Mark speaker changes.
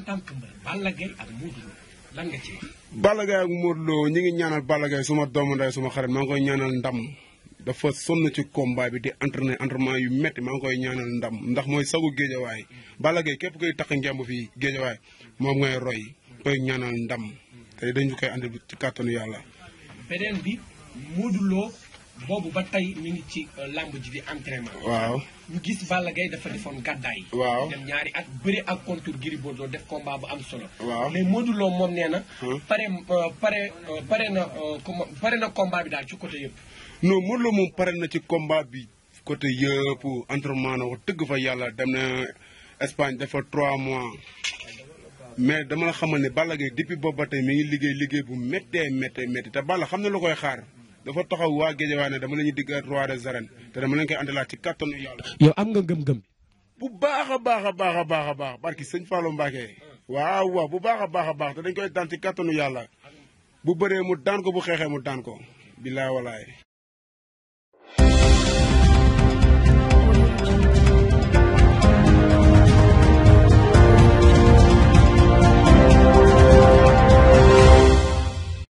Speaker 1: en tant que mbër Balla Gaye ak Modou
Speaker 2: Lo lan ñu ngi ñaanal Balla Gaye suma doomu suma xarit maa ngi koy ñaanal ndam dafa sonn ci combat bi di entraîné entraînement yu métti maa ngi koy ñaanal ndam ndax mooy sagu géejawaay Balla képp koy tax ngemb fii géejawaay moom ngay roy koy ñaanal ndam te dañu koy andi ci kàttanu yàlla.
Speaker 1: beneen bi Modou boobu ba tey mi ngi ci euh, làmb ji di entraînement. waaw ñu gis Balla Gaye dafa defoon gàddaay. waaw ñaari ak bëri ak contour Gris Bordeaux def combat bu am solo. waaw mais Modou moom nee na. Hmm. pare euh, pare euh, pare na comment pare na combat bi daal ci côté yëpp.
Speaker 2: non Modou Lo moom pare na ci combat bi côté yëpp entraînement na wax tëgg fa yàlla dem na Espagne dafa trois mois. mais dama la xamal ni Balla Gaye depuis boobu ba tey mu ngi liggéey liggéey bu méttee méttee méttee te Balla xam na lu koy xaar. dafa taxaw waa Géejawaay ne dama la ñuy digg roi des arènes te dama leen koy andalaat ci kattanu yàlla.
Speaker 3: yow am nga gëm-gëm.
Speaker 2: bu baax a baax a baax a baax a baax barki sëñ Fallou Mbacke. waaw waaw bu baax a baax a baax te dañ koy daan ci kattanu yàlla bu bëree mu daan ko bu xeexee mu daan ko. billaay walaay.